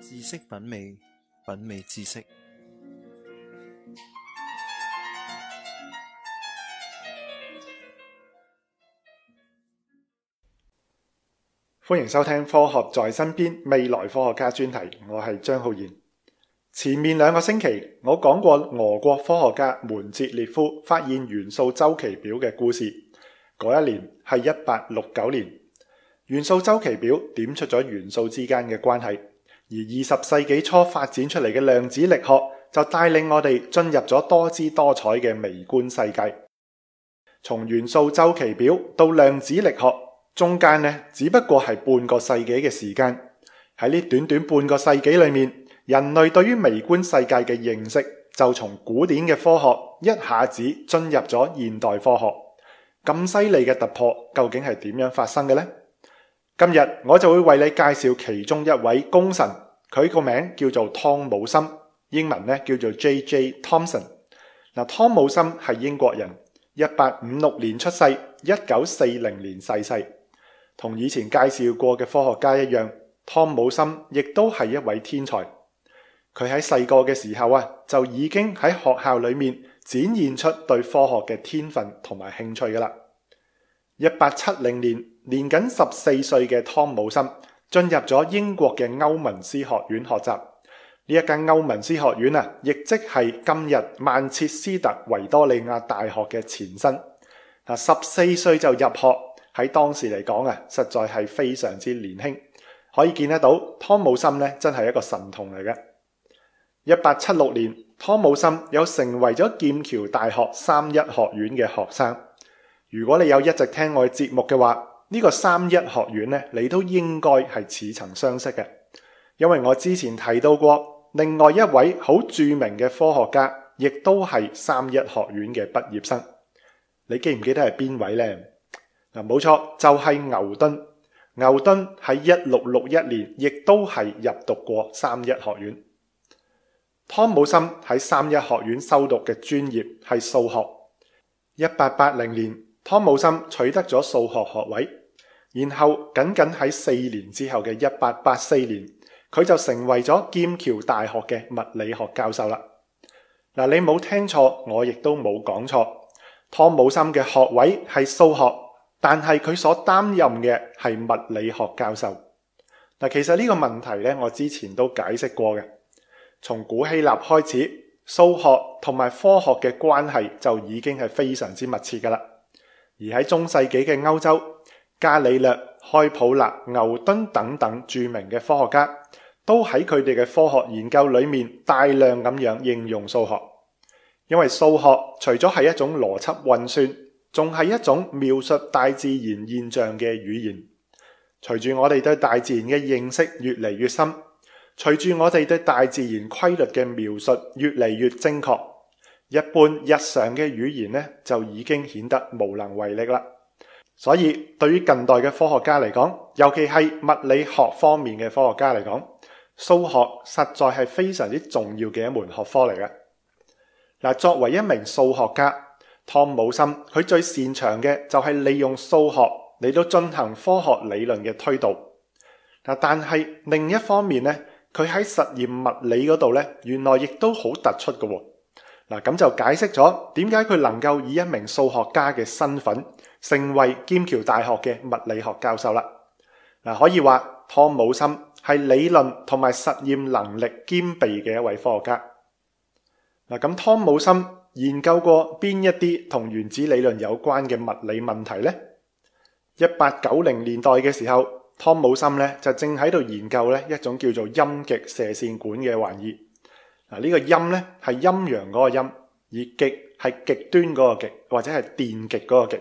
知識品味，品味知識。歡迎收聽《科學在身邊：未來科學家》專題，我係張浩然。前面兩個星期，我講過俄國科學家門捷列夫發現元素周期表嘅故事，嗰一年係一八六九年。元素周期表點出咗元素之間嘅關係，而二十世紀初發展出嚟嘅量子力學，就帶領我哋進入咗多姿多彩嘅微觀世界。從元素周期表到量子力學中間呢，只不過係半個世紀嘅時間。喺呢短短半個世紀裏面，人類對於微觀世界嘅認識就從古典嘅科學一下子進入咗現代科學。咁犀利嘅突破，究竟係點樣發生嘅呢？今日我就會為你介紹其中一位功臣，佢個名叫做湯姆森，英文咧叫做 J.J. Thomson。嗱，湯姆森係英國人，一八五六年出世，一九四零年逝世。同以前介紹過嘅科學家一樣，湯姆森亦都係一位天才。佢喺細個嘅時候啊，就已經喺學校裏面展現出對科學嘅天分同埋興趣㗎喇。一八七零年，年僅十四歲嘅湯姆森進入咗英國嘅歐文斯學院學習，呢一間歐文斯學院啊，亦即係今日曼徹斯特維多利亞大學嘅前身。十四歲就入學喺當時嚟講啊，實在係非常之年輕，可以見得到湯姆森呢真係一個神童嚟嘅。一八七六年，湯姆森有成為咗劍橋大學三一學院嘅學生。如果你有一直聽我嘅節目嘅話，呢個三一學院呢，你都應該係似曾相識嘅，因為我之前提到過，另外一位好著名嘅科學家，亦都係三一學院嘅畢業生。你記唔記得係邊位呢？冇錯，就係牛頓。牛頓喺一六六一年，亦都係入讀過三一學院。湯姆森喺三一學院修讀嘅專業係數學。一八八零年，湯姆森取得咗數學學位。然後，僅僅喺四年之後嘅一八八四年，佢就成為咗劍橋大學嘅物理學教授啦。嗱，你冇聽錯，我亦都冇講錯。湯姆森嘅學位係數學，但係佢所擔任嘅係物理學教授。嗱，其實呢個問題呢，我之前都解釋過嘅。從古希臘開始，數學同埋科學嘅關係就已經係非常之密切㗎啦。而喺中世紀嘅歐洲，伽利略、開普勒、牛頓等等著名嘅科學家，都喺佢哋嘅科學研究裏面大量咁樣應用數學。因為數學除咗係一種邏輯運算，仲係一種描述大自然現象嘅語言。隨住我哋對大自然嘅認識越嚟越深，隨住我哋對大自然規律嘅描述越嚟越精確，一般日常嘅語言咧就已經顯得無能為力啦。所以，對於近代嘅科學家嚟講，尤其係物理學方面嘅科學家嚟講，數學實在係非常之重要嘅一門學科嚟嘅。嗱，作為一名數學家，湯姆森，佢最擅長嘅就係利用數學嚟到進行科學理論嘅推導。嗱，但係另一方面呢，佢喺實驗物理嗰度呢，原來亦都好突出嘅。嗱，咁就解釋咗點解佢能夠以一名數學家嘅身份。成為劍橋大學嘅物理學教授啦。嗱，可以話湯姆森係理論同埋實驗能力兼備嘅一位科學家。嗱，咁湯姆森研究過邊一啲同原子理論有關嘅物理問題呢？一八九零年代嘅時候，湯姆森咧就正喺度研究咧一種叫做陰極射線管嘅玩意。嗱，呢個陰咧係陰陽嗰個陰，而極係極端嗰個極，或者係電極嗰個極。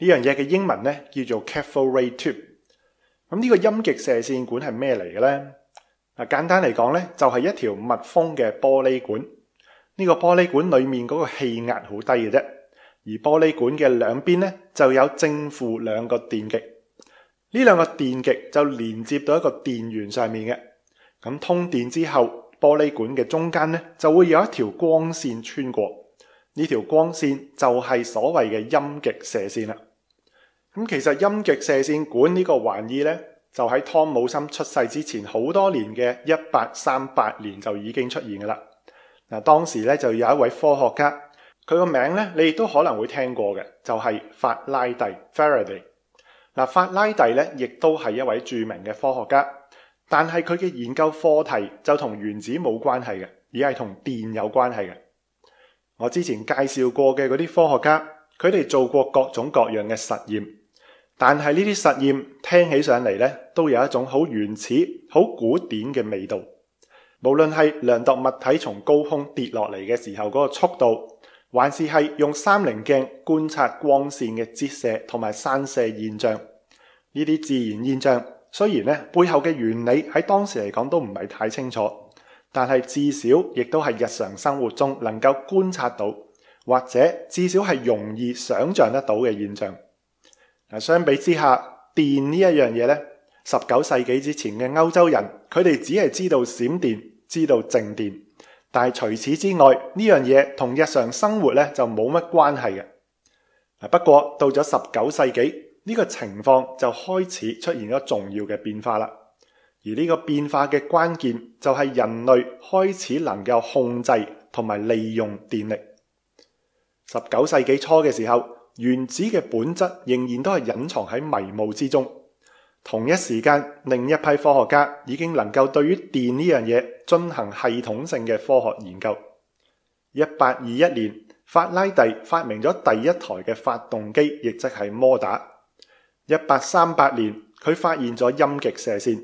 呢樣嘢嘅英文咧叫做 cathode ray tube。咁呢個陰極射線管係咩嚟嘅咧？啊，簡單嚟講咧，就係一條密封嘅玻璃管。呢個玻璃管裡面嗰個氣壓好低嘅啫。而玻璃管嘅兩邊咧就有正負兩個電極。呢兩個電極就連接到一個電源上面嘅。咁通電之後，玻璃管嘅中間咧就會有一條光線穿過。呢條光線就係所謂嘅陰極射線啦。咁其實陰極射線管呢個玩意呢，就喺湯姆森出世之前好多年嘅一八三八年就已經出現噶啦。嗱，當時呢就有一位科學家，佢個名呢，你亦都可能會聽過嘅，就係法拉第 （Faraday）。法拉第呢，亦都係一位著名嘅科學家，但係佢嘅研究課題就同原子冇關係嘅，而係同電有關係嘅。我之前介紹過嘅嗰啲科學家，佢哋做過各種各樣嘅實驗。但係呢啲實驗聽起上嚟呢，都有一種好原始、好古典嘅味道。無論係量度物體從高空跌落嚟嘅時候嗰個速度，還是係用三棱鏡觀察光線嘅折射同埋散射現象，呢啲自然現象雖然呢背後嘅原理喺當時嚟講都唔係太清楚，但係至少亦都係日常生活中能夠觀察到，或者至少係容易想像得到嘅現象。嗱，相比之下，電呢一樣嘢呢，十九世紀之前嘅歐洲人，佢哋只係知道閃電，知道靜電，但係除此之外，呢樣嘢同日常生活呢，就冇乜關係嘅。不過到咗十九世紀，呢個情況就開始出現咗重要嘅變化啦。而呢個變化嘅關鍵就係人類開始能夠控制同埋利用電力。十九世紀初嘅時候。原子嘅本質仍然都係隱藏喺迷霧之中。同一時間，另一批科學家已經能夠對於電呢樣嘢進行系統性嘅科學研究。一八二一年，法拉第發明咗第一台嘅發動機，亦即係摩打。一八三八年，佢發現咗陰極射線。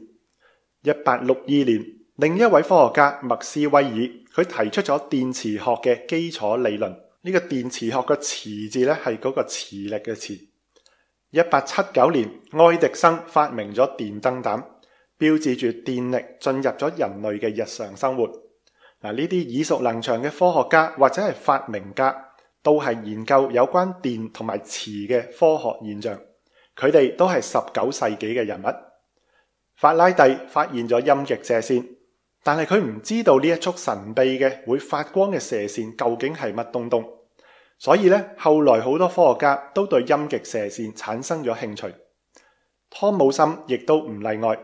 一八六二年，另一位科學家麥斯威爾，佢提出咗電磁學嘅基礎理論。呢個電磁學嘅磁字呢，係嗰個磁力嘅磁。一八七九年，愛迪生發明咗電燈膽，標誌住電力進入咗人類嘅日常生活。嗱，呢啲耳熟能詳嘅科學家或者係發明家，都係研究有關電同埋磁嘅科學現象。佢哋都係十九世紀嘅人物。法拉第發現咗陰極射線。但係佢唔知道呢一束神秘嘅會發光嘅射線究竟係乜東東，所以呢，後來好多科學家都對陰極射線產生咗興趣。湯姆森亦都唔例外，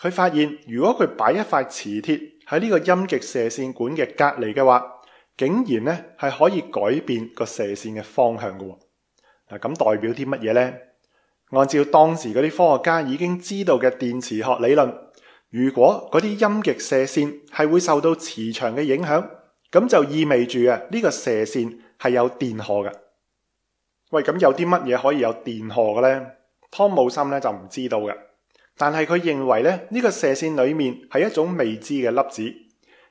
佢發現如果佢擺一塊磁鐵喺呢個陰極射線管嘅隔籬嘅話，竟然呢係可以改變個射線嘅方向嘅。嗱，咁代表啲乜嘢呢？按照當時嗰啲科學家已經知道嘅電磁學理論。如果嗰啲陰極射線係會受到磁場嘅影響，咁就意味住啊呢個射線係有電荷嘅。喂，咁有啲乜嘢可以有電荷嘅咧？湯姆森咧就唔知道嘅，但係佢認為咧呢個射線裏面係一種未知嘅粒子，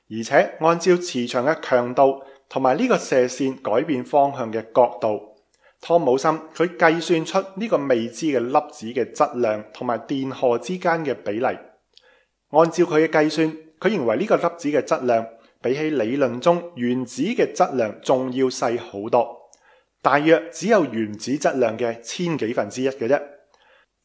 而且按照磁場嘅強度同埋呢個射線改變方向嘅角度，湯姆森佢計算出呢個未知嘅粒子嘅質量同埋電荷之間嘅比例。按照佢嘅計算，佢認為呢個粒子嘅質量比起理論中原子嘅質量仲要細好多，大約只有原子質量嘅千幾分之一嘅啫。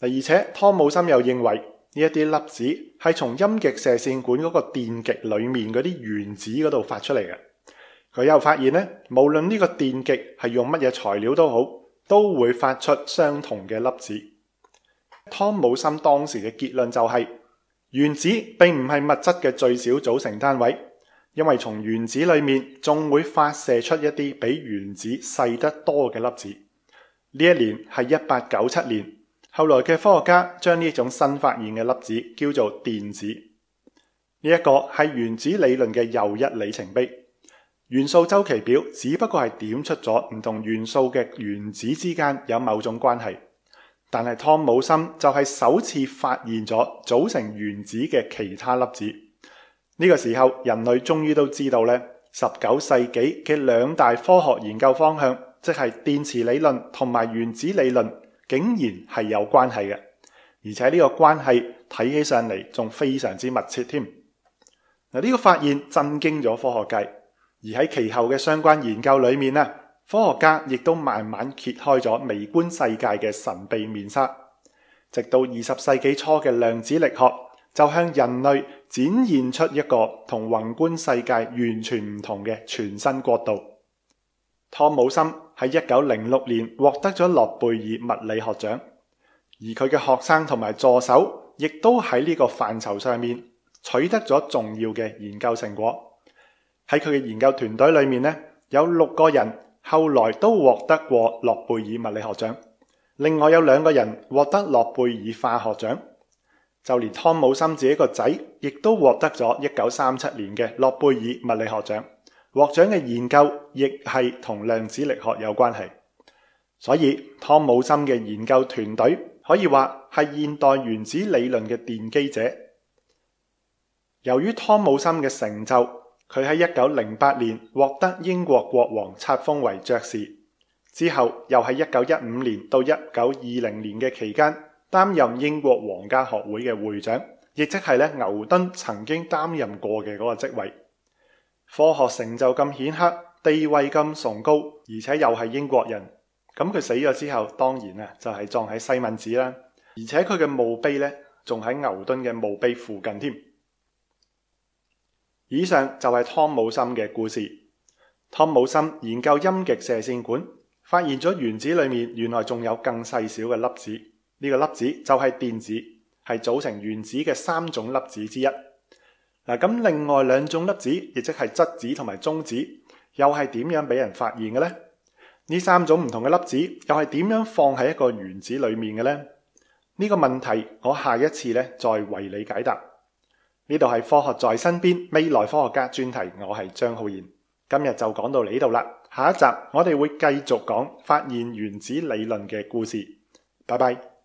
而且湯姆森又認為呢一啲粒子係從陰極射線管嗰個電極裡面嗰啲原子嗰度發出嚟嘅。佢又發現呢，無論呢個電極係用乜嘢材料都好，都會發出相同嘅粒子。湯姆森當時嘅結論就係，原子並唔係物質嘅最小組成單位，因為從原子裡面仲會發射出一啲比原子細得多嘅粒子。呢一年係一八九七年，後來嘅科學家將呢種新發現嘅粒子叫做電子。呢一個係原子理論嘅又一里程碑。元素周期表只不過係點出咗唔同元素嘅原子之間有某種關係。但係湯姆森就係首次發現咗組成原子嘅其他粒子。呢個時候，人類終於都知道咧，十九世紀嘅兩大科學研究方向，即係電磁理論同埋原子理論，竟然係有關係嘅，而且呢個關係睇起上嚟仲非常之密切添。嗱，呢個發現震驚咗科學界，而喺其後嘅相關研究裏面科學家亦都慢慢揭開咗微觀世界嘅神秘面紗，直到二十世紀初嘅量子力學就向人類展現出一個同宏觀世界完全唔同嘅全新國度。湯姆森喺一九零六年獲得咗諾貝爾物理學獎，而佢嘅學生同埋助手亦都喺呢個範疇上面取得咗重要嘅研究成果。喺佢嘅研究團隊裏面呢，有六個人，後來都獲得過諾貝爾物理學獎，另外有兩個人獲得諾貝爾化學獎，就連湯姆森自己個仔亦都獲得咗一九三七年嘅諾貝爾物理學獎。獲獎嘅研究亦係同量子力學有關係，所以湯姆森嘅研究團隊可以話係現代原子理論嘅奠基者。由於湯姆森嘅成就。佢喺一九零八年獲得英國國王冊封為爵士，之後又喺一九一五年到一九二零年嘅期間擔任英國皇家學會嘅會長，亦即係咧牛頓曾經擔任過嘅嗰個職位。科學成就咁顯赫，地位咁崇高，而且又係英國人，咁佢死咗之後，當然啊就係葬喺西敏寺啦，而且佢嘅墓碑呢，仲喺牛頓嘅墓碑附近添。以上就係湯姆森嘅故事。湯姆森研究陰極射線管，發現咗原子裏面原來仲有更細小嘅粒子。呢個粒子就係電子，係組成原子嘅三種粒子之一。嗱咁，另外兩種粒子，亦即係質子同埋中子，又係點樣俾人發現嘅呢？呢三種唔同嘅粒子又係點樣放喺一個原子裏面嘅呢？呢個問題我下一次咧再為你解答。呢度係科學在身邊未來科學家專題，我係張浩然，今日就講到呢度啦。下一集我哋會繼續講發現原子理論嘅故事。拜拜。